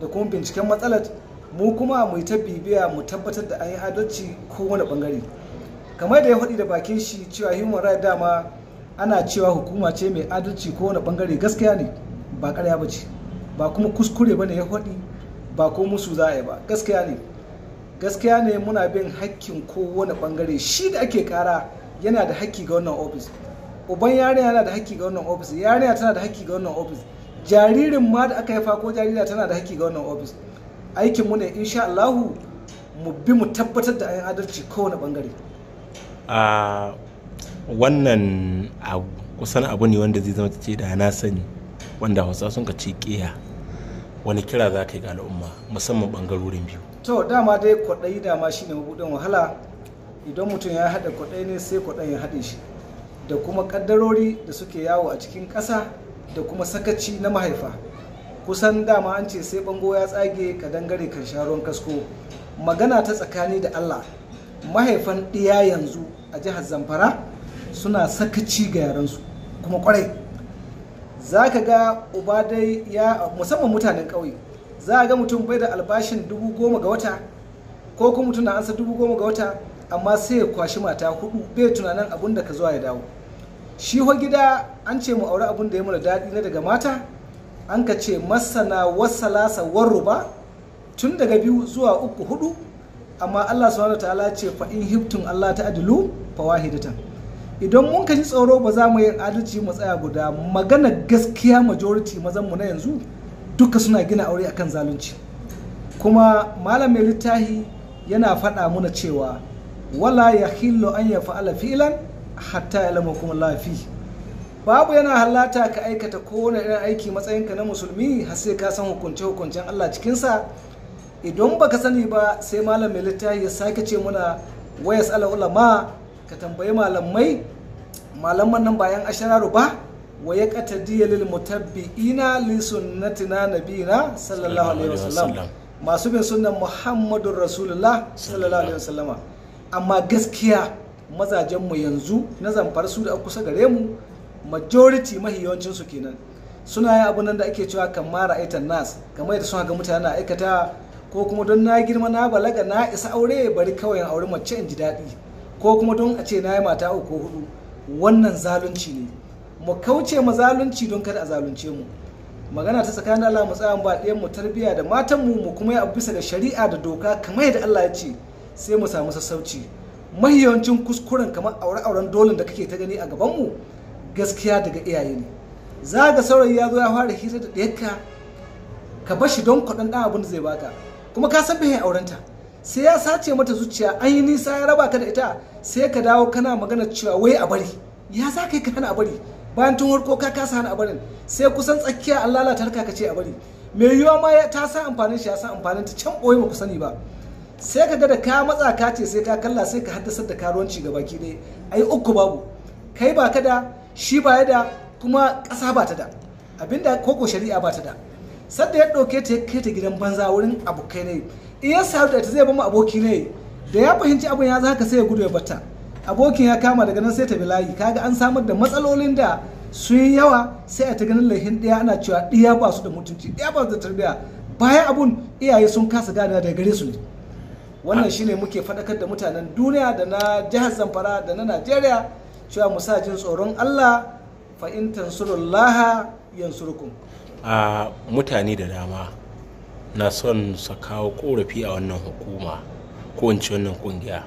da kuma binciken matsalar mu kuma mu ta bibiya mu tabbatar da an yi adalci ko wani bangare kamar da ya faɗi da bakin shi cewa human rights dama ana cewa hukuma ce mai adalci ko wani bangare gaskiya ne ba karya ba ce ba kuma kuskure ba ne ya faɗi ba ko musu za a yi ba gaskiya ne gaskiya ne muna bin hakkin wani bangare shi da ake kara yana da haƙƙi ga wannan ofis uban yarinya yana da haƙƙi ga wannan ofis yarinya tana da haƙƙi ga wannan ofis jaririn ma da aka haifa ko jaririya tana da haƙƙi ga wannan ofis aikin mu ne insha Allahu mu bi mu tabbatar da ayin adalci kowane bangare a wannan abu kusan abu ne wanda zai zama ce da na sani wanda hausa sun ka ce ƙiya wani kira za ka yi ga al'umma musamman bangarorin biyu to dama dai kwaɗayi dama shine mabuɗin wahala idan mutum ya haɗa kwaɗai ne sai kwaɗai ya haɗe shi da kuma ƙaddarori da suke yawo a cikin ƙasa da kuma sakaci na mahaifa kusan dama an ce sai bango ya tsage ka dangare kan sharon kasko magana ta tsakani da allah mahaifan ɗiya yanzu a jihar zamfara suna sakaci ga yaransu kuma kwarai za ka ga uba dai ya musamman mutanen ƙauye za a ga mutum bai da albashin dubu goma ga wata ko kuma mutum na ansa dubu goma ga wata amma sai ya kwashi mata hudu bai tunanin abun da ka zuwa ya dawo shi ho gida an ce mu aure abun da ya mana daɗi na daga mata an ka ce masana wasalasa warruba tun daga biyu zuwa uku hudu amma Allah subhanahu ta'ala ce fa in hibtun Allah ta adilu fa wahidatan idan mun ka ji tsoro ba za mu yi adalci mu tsaya guda magana gaskiya majority mazan mu na yanzu duka suna gina aure akan zalunci kuma malam mai littahi yana faɗa muna cewa wala ya hillo an ya fa'ala fi'lan hatta ya lama kuma lafi babu yana halata ka aikata wani irin aiki matsayinka na musulmi har sai ka san hukunce hukuncen Allah cikinsa idan baka sani ba sai malam littafi ya sake ce muna wayas ala ulama ka tambayi malamai malaman nan bayan ashararu ba wa ya qatadiya lil mutabbi'ina li sunnatina nabiyina sallallahu alaihi wasallam masu bin sunnan muhammadur rasulullah sallallahu alaihi wasallama amma gaskiya mazajenmu yanzu na zamfar su da kusa gare mu majority mahi yawancinsu kenan suna yi abun nan da ake cewa kan mara aitan nas kamar da suna ga mutane na aikata ko kuma don na girma na balaga na isa aure bari kawai aure mace in ji daɗi ko kuma don a ce na yi mata uku ko hudu wannan zalunci ne mu kauce ma zalunci don kada a zalunce mu magana ta tsakanin Allah mu tsaya ba ɗayan mu tarbiyya, da matan mu mu kuma yi abu bisa ga shari'a da doka kamar yadda Allah ya ce sai mu samu sassauci mahiyancin kuskuren kamar aure-auren dolin da kake ta gani a gabanmu gaskiya daga iyaye ne za ga saurayi ya zo ya fara hira da ɗayarka ka bashi don kwaɗan ɗan abin da zai baka kuma ka san bihin aurenta sai ya sace mata zuciya an yi nisa ya raba ka da ita sai ka dawo kana magana cewa wai a bari ya za ka yi ka hana a bari bayan tun harko ka kasa hana a barin sai kusan tsakiya an lalata harka ka ce a bari mai yiwuwa ma ta sa amfanin shi ya sa amfanin ta can ɓoye ba ku sani ba sai ka da ka matsa ka ce sai ka kalla sai ka haddasar da karuwanci ga baki dai ai uku babu kai ba ka da shi ba ya da kuma ƙasa ba ta da abinda koko shari'a ba ta da sadda ya ɗauke ta ya kai ta gidan banza wurin abokai ne in ya saru da ta zai bama aboki ne da ya fahimci abin ya zaka sai ya gudu ya bata abokin ya kama daga nan sai ta bilayi kaga an samar da matsalolin da sun yi yawa sai a ta ganin lahin ɗaya ana cewa ɗiya ba su da mutunci ɗiya ba su da tarbiyya bayan abun iyaye sun kasa gane da gare su ne wannan shine muke faɗakar da mutanen duniya da na jihar zamfara da na najeriya cewa musajin jin tsoron allah fa'in tansurullaha yansurukun a mutane da dama na son su kawo korafi a wannan hukuma ko in wannan kungiya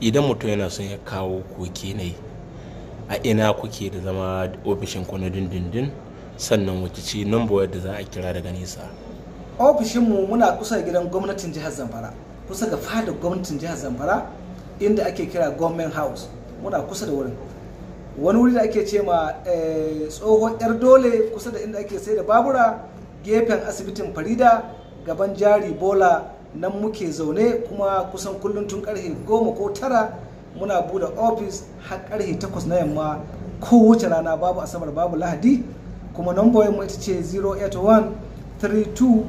idan mutum yana son ya kawo koke ne a ina kuke da zama ofishin ku na dindindin sannan wace ce nan da za a kira daga nesa ofishinmu muna kusa gidan gwamnatin jihar zamfara kusa ga fada gwamnatin jihar zamfara inda ake kira government house muna kusa da wurin wani wuri da ake ce ma eh, tsohon yar dole kusa da inda ake sai da babura gefen asibitin farida gaban jari bola nan muke zaune kuma kusan kullum tun karfe goma ko tara muna bude ofis har karhe takwas na yamma ko wuce rana babu asabar babu lahadi kuma nambar mu ita ce 081 32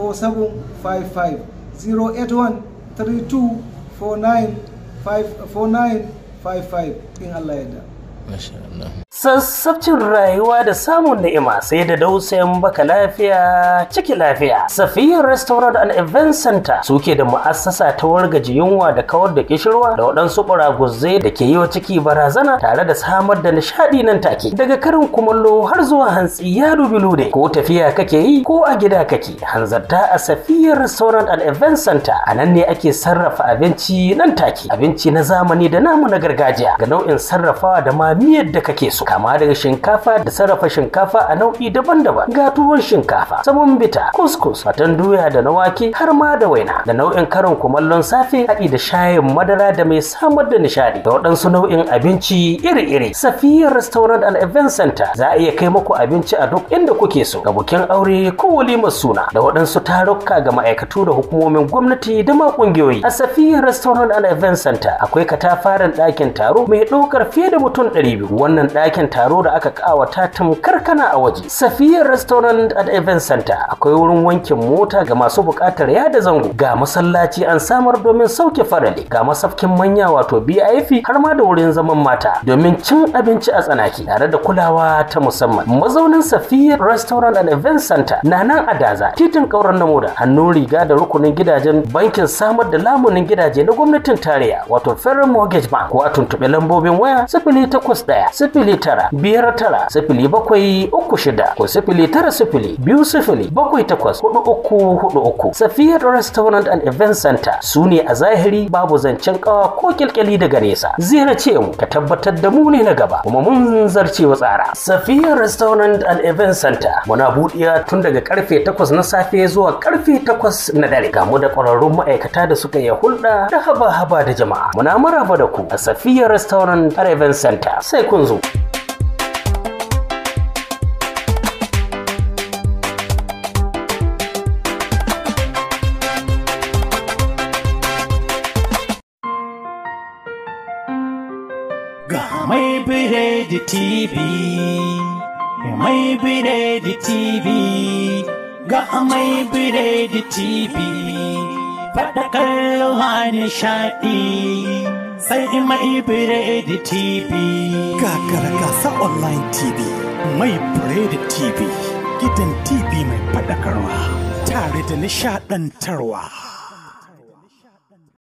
4755 081 32 49 in Allah ya da. Sassabcin rayuwa da samun ni'ima sai da dausayin baka lafiya ciki lafiya. Safiyar Restaurant and Event Center suke da mu'assasa ta wargaji yunwa da kawar da kishirwa da waɗansu ɓuraguzai da ke yi wa ciki barazana tare da samar da nishaɗi nan take. Daga karin kumallo har zuwa hantsi ya dubi lude ko tafiya kake yi ko a gida kake hanzarta a Safiyar Restaurant and Event Center a nan ne ake sarrafa abinci nan take abinci na zamani da namu na gargajiya ga nau'in sarrafawa da ma miyar da kake so. kama daga shinkafa da sarrafa shinkafa a nau'i daban-daban ga tuwon shinkafa sabon bita kuskus fatan doya da na wake har ma da waina da nau'in karin kumallon safe haɗi da shayin madara da mai samar da nishadi da waɗansu nau'in abinci iri-iri safiyar restaurant and event center za a iya kai muku abinci a duk inda kuke so ga bukin aure ko walimar suna da waɗansu tarukka ga ma'aikatu da hukumomin gwamnati da ma ƙungiyoyi a safiyar restaurant and event center akwai katafaren ɗakin taro mai ɗaukar fiye da mutum ɗari biyu, wannan ɗakin ɗakin taro da aka kawata tamkar kana a waje safiyar restaurant at event center akwai wurin wankin mota ga masu buƙatar da zango ga masallaci an samar domin sauke farale ga masafkin manya wato bif har ma da wurin zaman mata domin cin abinci a tsanaki tare da kulawa ta musamman mazaunin safiyar restaurant and event center na nan a daza titin kauran namo da hannun riga da rukunin gidajen bankin samar da lamunin gidaje na gwamnatin tarayya wato federal mortgage bank ko a tuntuɓe lambobin waya sifili takwas ɗaya sifili tara biyar tara sifili bakwai uku shida ko sifili tara sifili biyu sifili bakwai takwas hudu uku hudu uku safiyar restaurant and event center su ne a zahiri babu zancen kawa ko kyalkyali daga nesa ziyarce mu ka tabbatar da mu ne na gaba kuma mun zarce wa tsara safiyar restaurant and event center muna buɗiya tun daga karfe takwas na safe zuwa karfe takwas na dare gamu da kwararrun ma'aikata da suka yi hulɗa da haba-haba da jama'a muna maraba da ku a safiyar restaurant and event center sai kun zo. di TV, mai biredi TV, ga mai di TV, faɗakar ruhani shaɗi. Sai mai biredi TV. Kakara gasa online TV, mai biredi TV, gidan TV mai faɗakarwa, tare da nishaɗantarwa.